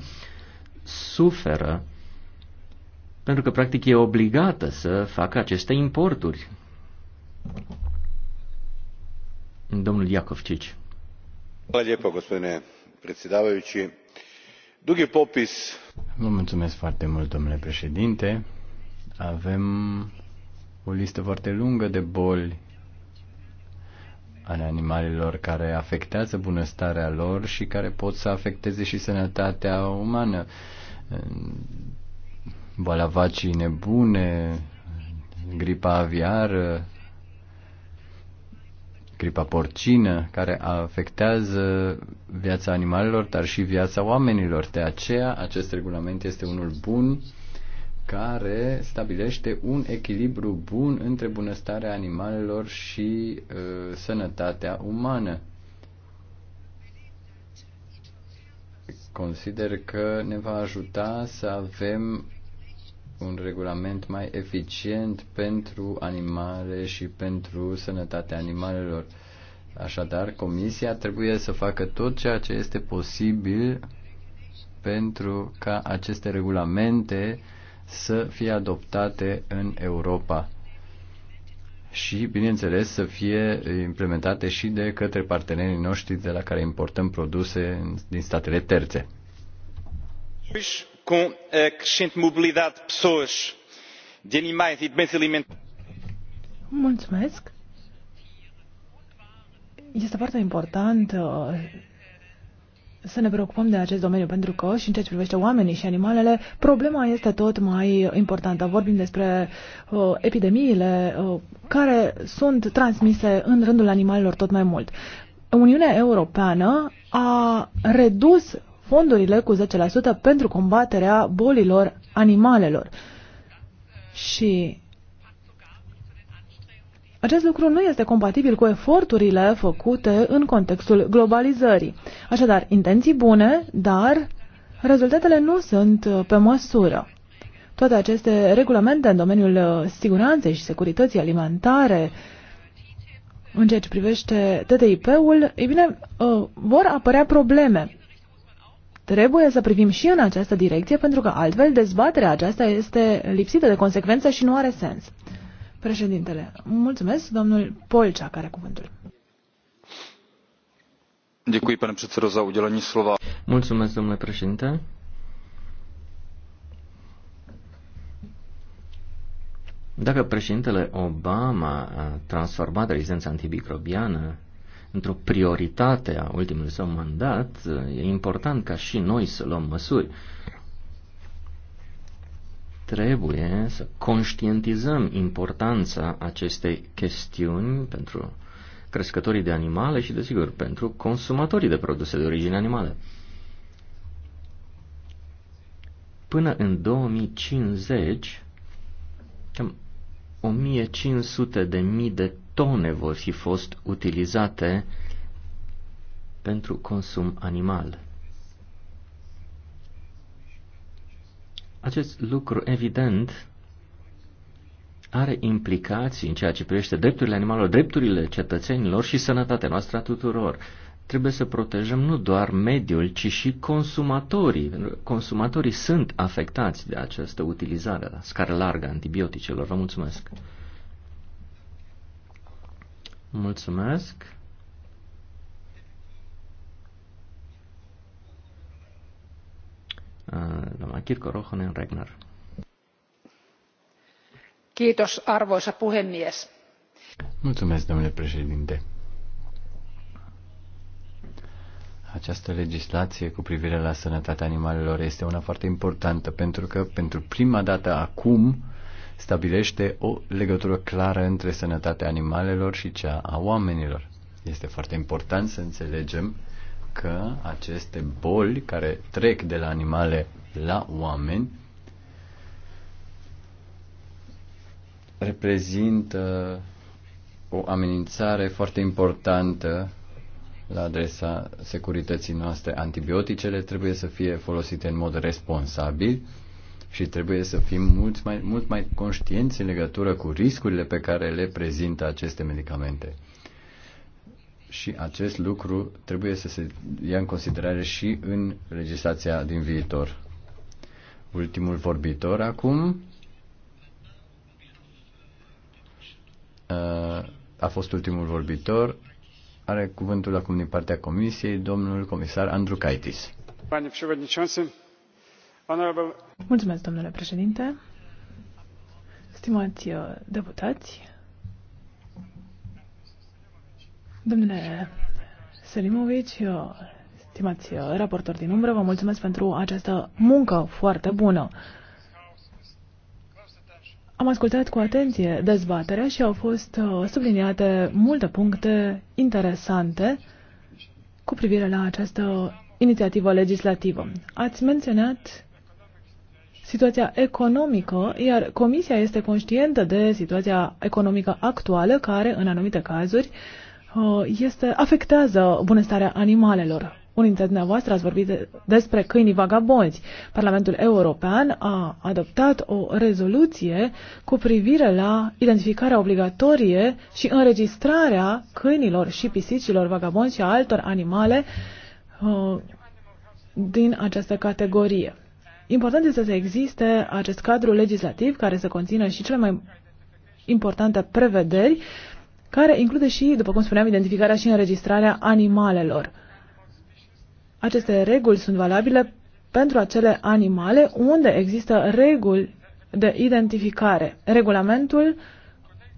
suferă pentru că practic e obligată să facă aceste importuri. Domnul Iakovčić. gospodine predsjedavajući. Dugi popis... Vă mulțumesc foarte mult, domnule președinte. Avem o listă foarte lungă de boli ale animalelor care afectează bunăstarea lor și care pot să afecteze și sănătatea umană. Boala vacii nebune, gripa aviară, gripa porcină, care afectează viața animalelor, dar și viața oamenilor. De aceea, acest regulament este unul bun care stabilește un echilibru bun între bunăstarea animalelor și uh, sănătatea umană. Consider că ne va ajuta să avem un regulament mai eficient pentru animale și pentru sănătatea animalelor. Așadar, Comisia trebuie să facă tot ceea ce este posibil pentru ca aceste regulamente să fie adoptate în Europa și, bineînțeles, să fie implementate și de către partenerii noștri de la care importăm produse din statele terțe. Deci, com a crescente mobilidade de pessoas, de animais e de bens alimentares. Mulțumesc. Este foarte important uh, să ne preocupăm de acest domeniu, pentru că și în ceea ce privește oamenii și animalele, problema este tot mai importantă. Vorbim despre uh, epidemiile uh, care sunt transmise în rândul animalelor tot mai mult. Uniunea Europeană a redus fondurile cu 10% pentru combaterea bolilor animalelor. Și acest lucru nu este compatibil cu eforturile făcute în contextul globalizării. Așadar, intenții bune, dar rezultatele nu sunt uh, pe măsură. Toate aceste regulamente în domeniul uh, siguranței și securității alimentare, în ceea ce privește TTIP-ul, ei bine, uh, vor apărea probleme trebuie să privim și în această direcție, pentru că altfel dezbaterea aceasta este lipsită de consecvență și nu are sens. Președintele, mulțumesc, domnul Polcea, care cuvântul. Děkuji, pane předsedo, za udělení slova. Mulțumesc, domnule președinte. Dacă președintele Obama a transformat rezistența antibicrobiană într-o prioritate a ultimului său mandat, e important ca și noi să luăm măsuri. Trebuie să conștientizăm importanța acestei chestiuni pentru crescătorii de animale și, desigur, pentru consumatorii de produse de origine animală. Până în 2050, cam 1500 de mii de tone vor fi fost utilizate pentru consum animal. Acest lucru, evident, are implicații în ceea ce privește drepturile animalelor, drepturile cetățenilor și sănătatea noastră a tuturor. Trebuie să protejăm nu doar mediul, ci și consumatorii. Consumatorii sunt afectați de această utilizare la scară largă a antibioticelor. Vă mulțumesc! Mulțumesc. Uh, doamna Kirko Rohonen Regner. Kiitos, arvoisa puhemies. Mulțumesc, domnule președinte. Această legislație cu privire la sănătatea animalelor este una foarte importantă pentru că pentru prima dată acum stabilește o legătură clară între sănătatea animalelor și cea a oamenilor. Este foarte important să înțelegem că aceste boli care trec de la animale la oameni reprezintă o amenințare foarte importantă la adresa securității noastre. Antibioticele trebuie să fie folosite în mod responsabil și trebuie să fim mult mai, mult mai conștienți în legătură cu riscurile pe care le prezintă aceste medicamente. Și acest lucru trebuie să se ia în considerare și în legislația din viitor. Ultimul vorbitor acum uh, a fost ultimul vorbitor. Are cuvântul acum din partea Comisiei domnul comisar Andrew Kaitis. Panie Mulțumesc, domnule președinte. Stimați uh, deputați, domnule Selimovic, uh, stimați uh, raportori din umbră, vă mulțumesc pentru această muncă foarte bună. Am ascultat cu atenție dezbaterea și au fost subliniate multe puncte interesante cu privire la această inițiativă legislativă. Ați menționat situația economică, iar Comisia este conștientă de situația economică actuală, care, în anumite cazuri, uh, este, afectează bunăstarea animalelor. Unii dintre dumneavoastră ați vorbit de, despre câinii vagabonzi. Parlamentul European a adoptat o rezoluție cu privire la identificarea obligatorie și înregistrarea câinilor și pisicilor vagabonzi și a altor animale uh, din această categorie. Important este să existe acest cadru legislativ care să conțină și cele mai importante prevederi, care include și, după cum spuneam, identificarea și înregistrarea animalelor. Aceste reguli sunt valabile pentru acele animale unde există reguli de identificare. Regulamentul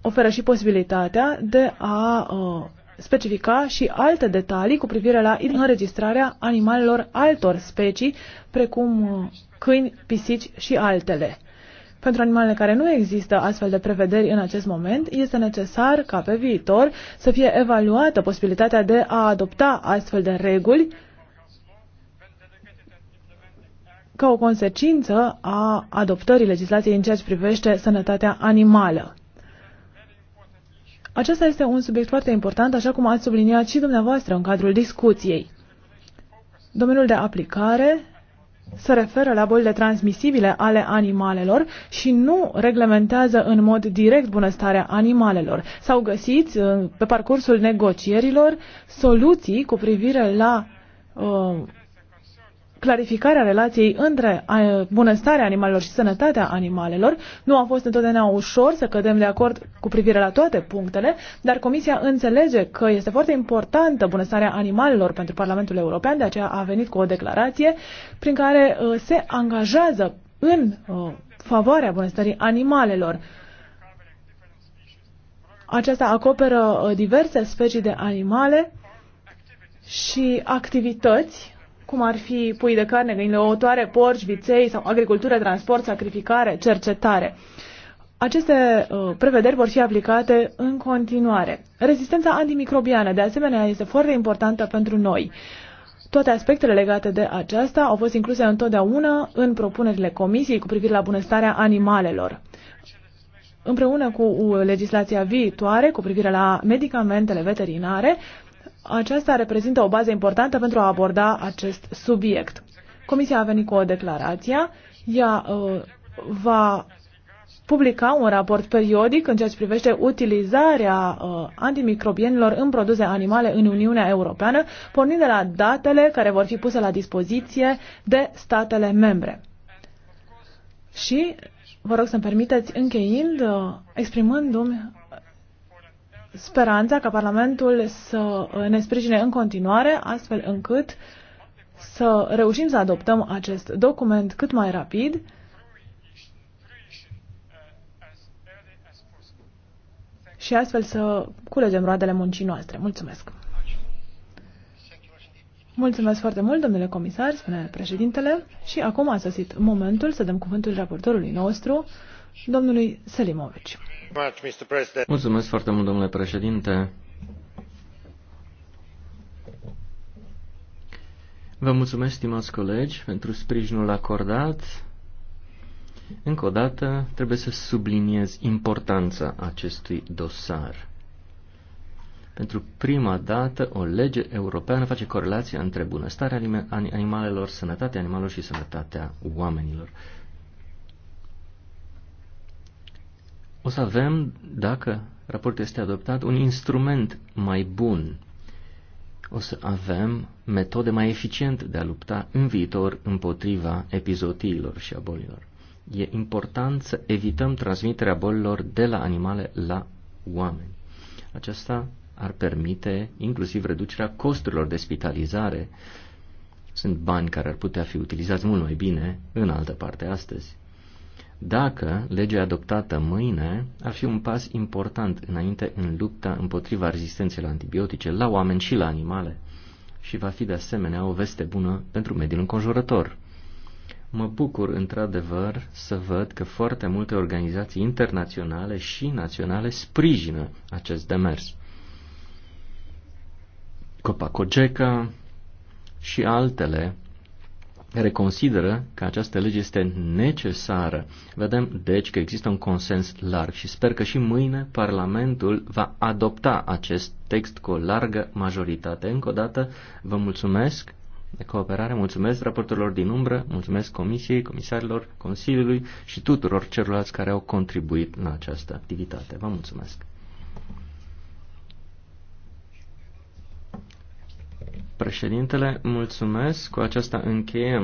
oferă și posibilitatea de a uh, specifica și alte detalii cu privire la înregistrarea animalelor altor specii, precum uh, câini, pisici și altele. Pentru animalele care nu există astfel de prevederi în acest moment, este necesar ca pe viitor să fie evaluată posibilitatea de a adopta astfel de reguli ca o consecință a adoptării legislației în ceea ce privește sănătatea animală. Acesta este un subiect foarte important, așa cum ați subliniat și dumneavoastră în cadrul discuției. Domeniul de aplicare se referă la bolile transmisibile ale animalelor și nu reglementează în mod direct bunăstarea animalelor. S-au găsit uh, pe parcursul negocierilor soluții cu privire la uh, clarificarea relației între bunăstarea animalelor și sănătatea animalelor. Nu a fost întotdeauna ușor să cădem de acord cu privire la toate punctele, dar Comisia înțelege că este foarte importantă bunăstarea animalelor pentru Parlamentul European, de aceea a venit cu o declarație prin care uh, se angajează în uh, favoarea bunăstării animalelor. Aceasta acoperă uh, diverse specii de animale și activități cum ar fi pui de carne, găinile ouătoare, porci, viței sau agricultură, transport, sacrificare, cercetare. Aceste uh, prevederi vor fi aplicate în continuare. Rezistența antimicrobiană, de asemenea, este foarte importantă pentru noi. Toate aspectele legate de aceasta au fost incluse întotdeauna în propunerile Comisiei cu privire la bunăstarea animalelor. Împreună cu uh, legislația viitoare cu privire la medicamentele veterinare, aceasta reprezintă o bază importantă pentru a aborda acest subiect. Comisia a venit cu o declarație. Ea uh, va publica un raport periodic în ceea ce privește utilizarea uh, antimicrobienilor în produse animale în Uniunea Europeană, pornind de la datele care vor fi puse la dispoziție de statele membre. Și vă rog să-mi permiteți încheind, uh, exprimându-mi speranța ca Parlamentul să uh, ne sprijine în continuare, astfel încât să reușim să adoptăm acest document cât mai rapid și astfel să culegem roadele muncii noastre. Mulțumesc! Mulțumesc foarte mult, domnule comisar, spune președintele, și acum a sosit momentul să dăm cuvântul raportorului nostru, domnului Selimovici. Mulțumesc foarte mult, domnule președinte. Vă mulțumesc, stimați colegi, pentru sprijinul acordat. Încă o dată, trebuie să subliniez importanța acestui dosar. Pentru prima dată, o lege europeană face corelația între bunăstarea animalelor, sănătatea animalelor și sănătatea oamenilor. o să avem, dacă raportul este adoptat, un instrument mai bun. O să avem metode mai eficiente de a lupta în viitor împotriva epizotiilor și a bolilor. E important să evităm transmiterea bolilor de la animale la oameni. Aceasta ar permite inclusiv reducerea costurilor de spitalizare. Sunt bani care ar putea fi utilizați mult mai bine în altă parte astăzi dacă legea adoptată mâine ar fi un pas important înainte în lupta împotriva rezistenței la antibiotice, la oameni și la animale, și va fi de asemenea o veste bună pentru mediul înconjurător. Mă bucur într-adevăr să văd că foarte multe organizații internaționale și naționale sprijină acest demers. Copacogeca și altele care consideră că această lege este necesară. Vedem, deci, că există un consens larg și sper că și mâine Parlamentul va adopta acest text cu o largă majoritate. Încă o dată, vă mulțumesc de cooperare, mulțumesc raportorilor din umbră, mulțumesc Comisiei, Comisarilor, Consiliului și tuturor celorlalți care au contribuit la această activitate. Vă mulțumesc! Președintele, mulțumesc. Cu aceasta încheiem.